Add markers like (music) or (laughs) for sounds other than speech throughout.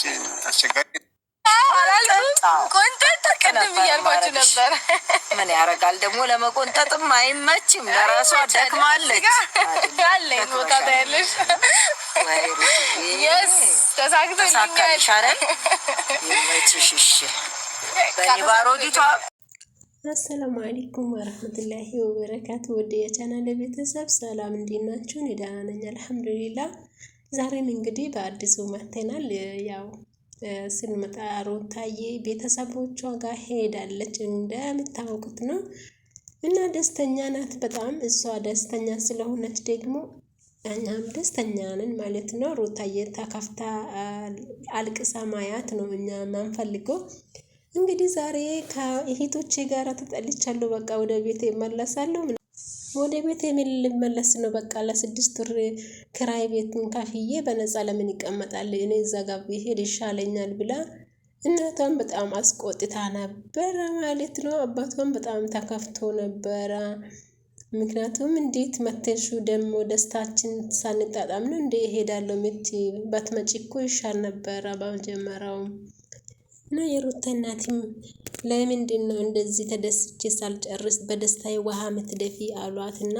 ትንሽ አስቸጋሪ ቆንጠጥ እያልኳችሁ ነበር። ምን ያደርጋል ደግሞ ለመቆንጠጥም አይመችም። ለራሷ ደክማለች። አለኝ ቦታ ታያለሽ። የስ ተሳክቶልኛል። ይመችሽ። አሰላሙ አለይኩም ወረህመቱላሂ ወበረካቱ። ወደ የቻናል ቤተሰብ ሰላም፣ እንዴት ናችሁ? እኔ ደህና ነኝ አልሐምዱሊላህ ዛሬም እንግዲህ በአዲሱ መተናል ያው ስንመጣ ሩታዬ ቤተሰቦቿ ጋር ሄዳለች እንደምታወቁት ነው እና ደስተኛ ናት በጣም። እሷ ደስተኛ ስለሆነች ደግሞ እኛም ደስተኛ ነን ማለት ነው። ሩታዬ ተከፍታ አልቅሳ ማያት ነው እኛ የማንፈልገው። እንግዲህ ዛሬ ከእህቶቼ ጋር ተጠልቻለሁ፣ በቃ ወደ ቤት እመለሳለሁ። ወደ ቤት የሚል ልመለስ ነው። በቃ ለስድስት ወር ክራይ ቤትን ካፍዬ በነፃ ለምን ይቀመጣል? እኔ እዛ ጋር ብሄድ ይሻለኛል ብላ እናቷን በጣም አስቆጥታ ነበረ ማለት ነው። አባቷን በጣም ተከፍቶ ነበረ። ምክንያቱም እንዴት መተሹ ደግሞ ደስታችን ሳንጣጣም ነው እንደ ይሄዳለው ምት በትመጪ እኮ ይሻል ነበረ በመጀመሪያውም እና የሩታ እናትም ለምንድን ነው እንደዚህ ተደስቼ ሳልጨርስ በደስታዬ ውሃ ምትደፊ አሏት እና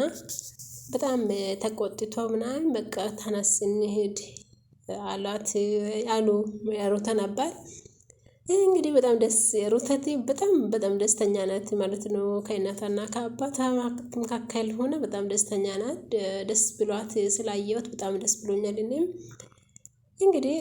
በጣም ተቆጥቶ ምናምን በቃ ተነስ እንሂድ አሏት አሉ የሩታን አባት። ይህ እንግዲህ በጣም ደስ ሩታቴ በጣም በጣም ደስተኛ ናት ማለት ነው። ከእናቷና ከአባቷ መካከል ሆነ በጣም ደስተኛ ናት። ደስ ብሏት ስላየሁት በጣም ደስ ብሎኛል። እኔም እንግዲህ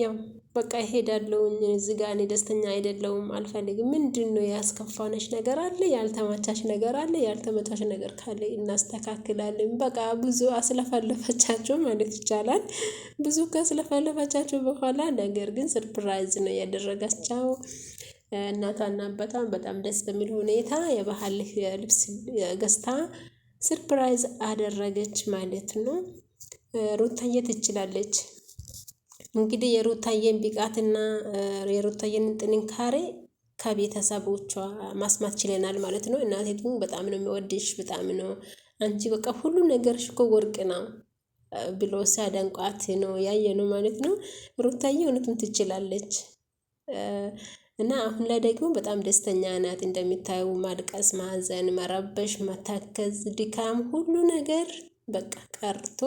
ያው በቃ እሄዳለሁኝ እዚህ ጋር እኔ ደስተኛ አይደለውም አልፈልግም። ምንድነው ያስከፋነች ነገር አለ? ያልተመቻሽ ነገር አለ? ያልተመቻች ነገር ካለ እናስተካክላለን። በቃ ብዙ አስለፈለፈቻቸው ማለት ይቻላል። ብዙ ካስለፈለፈቻቸው በኋላ ነገር ግን ሰርፕራይዝ ነው ያደረጋቸው። እናቷና አባቷን በጣም ደስ በሚል ሁኔታ የባህል ልብስ ገዝታ ሰርፕራይዝ አደረገች ማለት ነው። ሩታዬ ትችላለች። እንግዲህ የሩታዬን ብቃትና የሩታዬን ጥንካሬ ከቤተሰቦቿ ማስማት ችለናል ማለት ነው። እናቴቱ በጣም ነው የሚወድሽ፣ በጣም ነው አንቺ በቃ ሁሉ ነገርሽ እኮ ወርቅ ነው ብሎ ሲያደንቋት ነው ያየ ነው ማለት ነው። ሩታዬ እውነትም ትችላለች እና አሁን ላይ ደግሞ በጣም ደስተኛ ናት። እንደሚታዩ ማልቀስ፣ ማዘን፣ መረበሽ፣ መታከዝ፣ ድካም ሁሉ ነገር በቃ ቀርቶ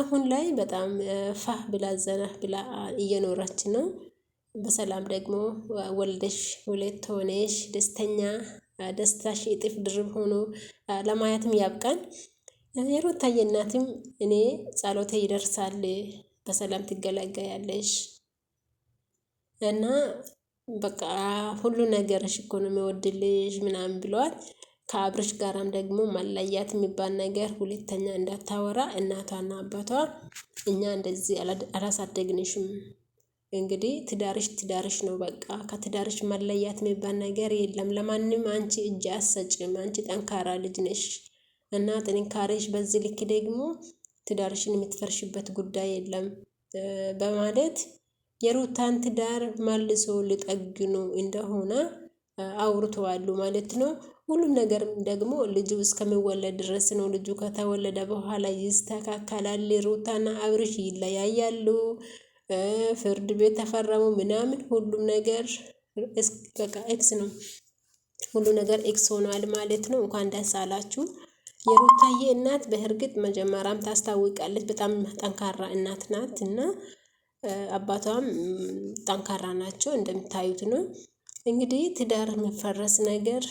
አሁን ላይ በጣም ፋህ ብላ ዘና ብላ እየኖረች ነው። በሰላም ደግሞ ወልደሽ ሁለት ሆነሽ ደስተኛ ደስታሽ እጥፍ ድርብ ሆኖ ለማየትም ያብቃን። የሩታዬ እናትም እኔ ጸሎቴ ይደርሳል፣ በሰላም ትገላገያለሽ እና በቃ ሁሉ ነገርሽ እኮ ነው የሚወድልሽ ምናምን ብለዋል። ከአብርሽ ጋራም ደግሞ መለያት የሚባል ነገር ሁለተኛ እንዳታወራ እናቷና አባቷ እኛ እንደዚህ አላሳደግንሽም፣ እንግዲህ ትዳርሽ ትዳርሽ ነው፣ በቃ ከትዳርሽ መለያት የሚባል ነገር የለም። ለማንም አንቺ እጅ አሰጭም፣ አንቺ ጠንካራ ልጅ ነሽ እና ጥንካሬሽ በዚህ ልክ ደግሞ ትዳርሽን የምትፈርሽበት ጉዳይ የለም በማለት የሩታን ትዳር መልሶ ሊጠግኑ እንደሆነ አውርተዋሉ ማለት ነው። ሁሉም ነገርም ደግሞ ልጁ እስከሚወለድ ድረስ ነው። ልጁ ከተወለደ በኋላ ይስተካከላል። ሩታና አብርሽ ይለያያሉ። ፍርድ ቤት ተፈረሙ ምናምን ሁሉም ነገር በቃ ኤክስ ነው። ሁሉ ነገር ኤክስ ሆኗል ማለት ነው። እንኳን ደስ አላችሁ። የሩታዬ እናት በእርግጥ መጀመሪያም ታስታውቃለች። በጣም ጠንካራ እናት ናት እና አባቷም ጠንካራ ናቸው እንደሚታዩት ነው። እንግዲህ ትዳር መፈረስ ነገር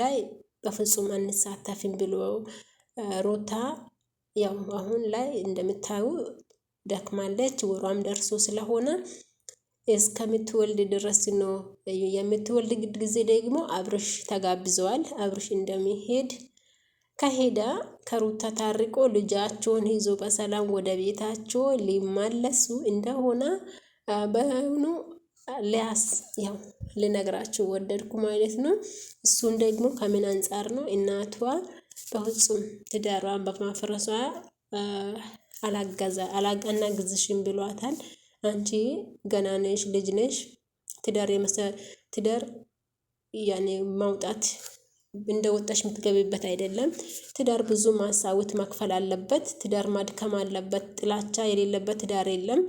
ላይ በፍጹም አንሳተፍም ብሎ ሩታ ያው አሁን ላይ እንደምታዩ ደክማለች። ወሯም ደርሶ ስለሆነ እስከምትወልድ ድረስ ነው። የምትወልድ ጊዜ ደግሞ አብርሽ ተጋብዘዋል። አብርሽ እንደሚሄድ ከሄዳ ከሩታ ታርቆ ልጃቸውን ይዞ በሰላም ወደ ቤታቸው ሊመለሱ እንደሆነ በአሁኑ ሊያስ ያው ልነግራችሁ ወደድኩ ማለት ነው። እሱን ደግሞ ከምን አንጻር ነው እናቷ በፍጹም ትዳሯን በማፍረሷ አላገዛ አናግዝሽም ብሏታል። አንቺ ገና ነሽ፣ ልጅ ነሽ፣ ትዳር ትዳር ያኔ ማውጣት እንደወጣሽ የምትገቢበት አይደለም። ትዳር ብዙ ማሳውት መክፈል አለበት። ትዳር ማድከም አለበት። ጥላቻ የሌለበት ትዳር የለም።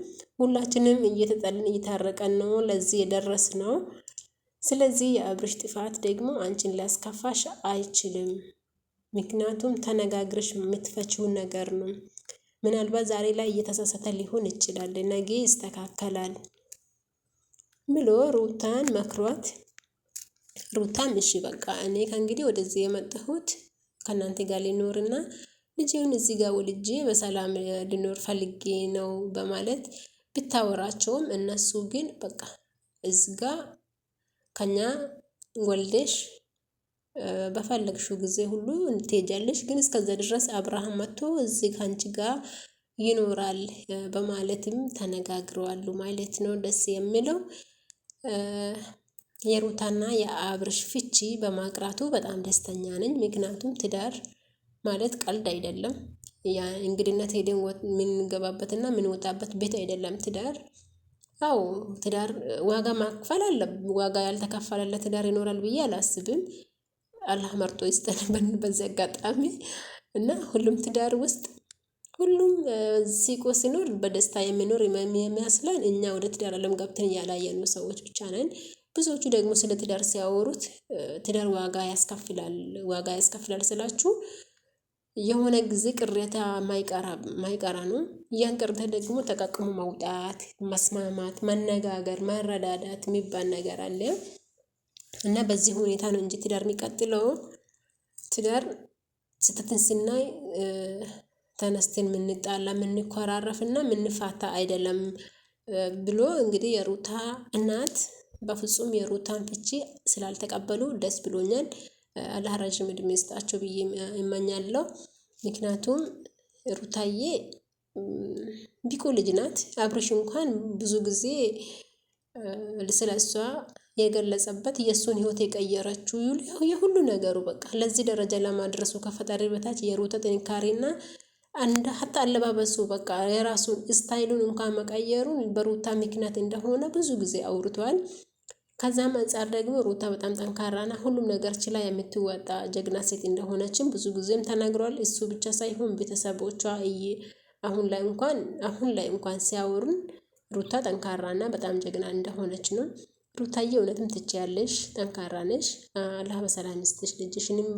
ሁላችንም እየተጠልን እየታረቀን ነው ለዚህ የደረስ ነው። ስለዚህ የአብርሽ ጥፋት ደግሞ አንቺን ሊያስከፋሽ አይችልም። ምክንያቱም ተነጋግረሽ የምትፈችው ነገር ነው። ምናልባት ዛሬ ላይ እየተሳሳተ ሊሆን ይችላል፣ ነገ ይስተካከላል ብሎ ሩታን መክሯት ሩታም እሺ በቃ እኔ ከእንግዲህ ወደዚህ የመጣሁት ከእናንተ ጋር ልኖርና ልጄውን እዚህ ጋር ወልጄ በሰላም ልኖር ፈልጌ ነው በማለት ብታወራቸውም እነሱ ግን በቃ እዚ ጋ ከኛ ወልደሽ በፈለግሽው ጊዜ ሁሉ እንትሄጃለሽ፣ ግን እስከዛ ድረስ አብርሃም መጥቶ እዚ ከአንቺ ጋር ይኖራል በማለትም ተነጋግረዋሉ ማለት ነው። ደስ የሚለው የሩታና የአብርሽ ፍቺ በማቅራቱ በጣም ደስተኛ ነኝ። ምክንያቱም ትዳር ማለት ቀልድ አይደለም። እንግድነት ሄደን የምንገባበትና የምንወጣበት ቤት አይደለም ትዳር። አዎ ትዳር ዋጋ ማክፈል አለ። ዋጋ ያልተከፈለለ ትዳር ይኖራል ብዬ አላስብም። አላህ መርጦ ይስጠን (laughs) በዚህ አጋጣሚ እና ሁሉም ትዳር ውስጥ ሁሉም ሲቆ ሲኖር በደስታ የሚኖር የሚያስለን እኛ ወደ ትዳር አለም ገብተን ያላየኑ ሰዎች ብቻ ነን። ብዙዎቹ ደግሞ ስለ ትዳር ሲያወሩት ትዳር ዋጋ ያስከፍላል ዋጋ ያስከፍላል ስላችሁ የሆነ ጊዜ ቅሬታ ማይቀራ ነው። ያን ቅሬታ ደግሞ ተቃቅሞ ማውጣት፣ መስማማት፣ መነጋገር፣ መረዳዳት የሚባል ነገር አለ እና በዚህ ሁኔታ ነው እንጂ ትዳር የሚቀጥለው። ትዳር ስህተትን ስናይ ተነስተን የምንጣላ እና የምንፋታ አይደለም ብሎ እንግዲህ የሩታ እናት በፍጹም የሩታን ፍቺ ስላልተቀበሉ ደስ ብሎኛል። አላህ ረዥም እድሜ ይስጣቸው ብዬ እመኛለሁ። ምክንያቱም ሩታዬ ቢቁ ልጅ ናት። አብርሽ እንኳን ብዙ ጊዜ ስለ እሷ የገለጸበት የእሱን ህይወት የቀየረችው የሁሉ ነገሩ በቃ ለዚህ ደረጃ ለማድረሱ ከፈጣሪ በታች የሩታ ጥንካሬና አንድ ሀታ አለባበሱ በቃ የራሱን ስታይሉን እንኳን መቀየሩን በሩታ ምክንያት እንደሆነ ብዙ ጊዜ አውርቷል። ከዛም አንፃር ደግሞ ሩታ በጣም ጠንካራና ሁሉም ነገር ችላ የምትወጣ ጀግና ሴት እንደሆነችም ብዙ ጊዜም ተናግሯል። እሱ ብቻ ሳይሆን ቤተሰቦቿ እየ አሁን ላይ እንኳን አሁን ላይ እንኳን ሲያወሩን ሩታ ጠንካራና በጣም ጀግና እንደሆነች ነው። ሩታዬ እውነትም ትችያለሽ፣ ጠንካራ ነሽ። አላህ በሰላም ይስጥሽ። ልጅሽንም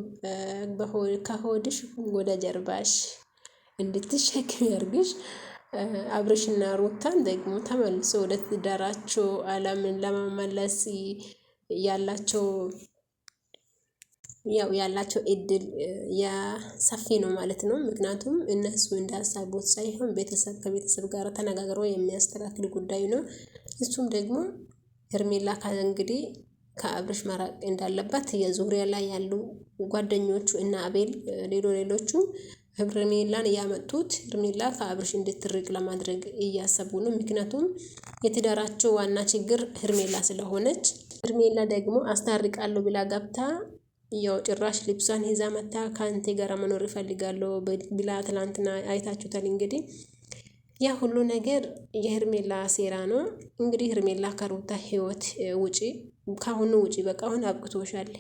ከሆድሽ ወደ ጀርባሽ እንድትሸክም ያርግሽ። አብርሽና ሩታን ደግሞ ተመልሶ ወደ ትዳራቸው አለምን ለመመለስ ያላቸው ያው ያላቸው እድል ያ ሰፊ ነው ማለት ነው። ምክንያቱም እነሱ እንዳሳቡት ሳይሆን ቤተሰብ ከቤተሰብ ጋር ተነጋግሮ የሚያስተካክል ጉዳይ ነው። እሱም ደግሞ ሄርሜላ እንግዲህ ከአብርሽ መራቅ እንዳለባት የዙሪያ ላይ ያሉ ጓደኞቹ እና አቤል ሌሎ ሌሎቹ ሄርሜላን ያመጡት ሄርሜላ ከአብርሽ እንድትርቅ ለማድረግ እያሰቡ ነው። ምክንያቱም የትዳራቸው ዋና ችግር ህርሜላ ስለሆነች፣ ህርሜላ ደግሞ አስታርቃለሁ ብላ ገብታ ያው ጭራሽ ልብሷን ይዛ መታ ከአንቴ ጋር መኖር ይፈልጋለሁ ብላ ትላንትና አይታችሁታል። እንግዲህ ያ ሁሉ ነገር የህርሜላ ሴራ ነው። እንግዲህ ህርሜላ ከሩታ ህይወት ውጪ ከአሁኑ ውጪ በቃ አሁን አብቅቶሻል።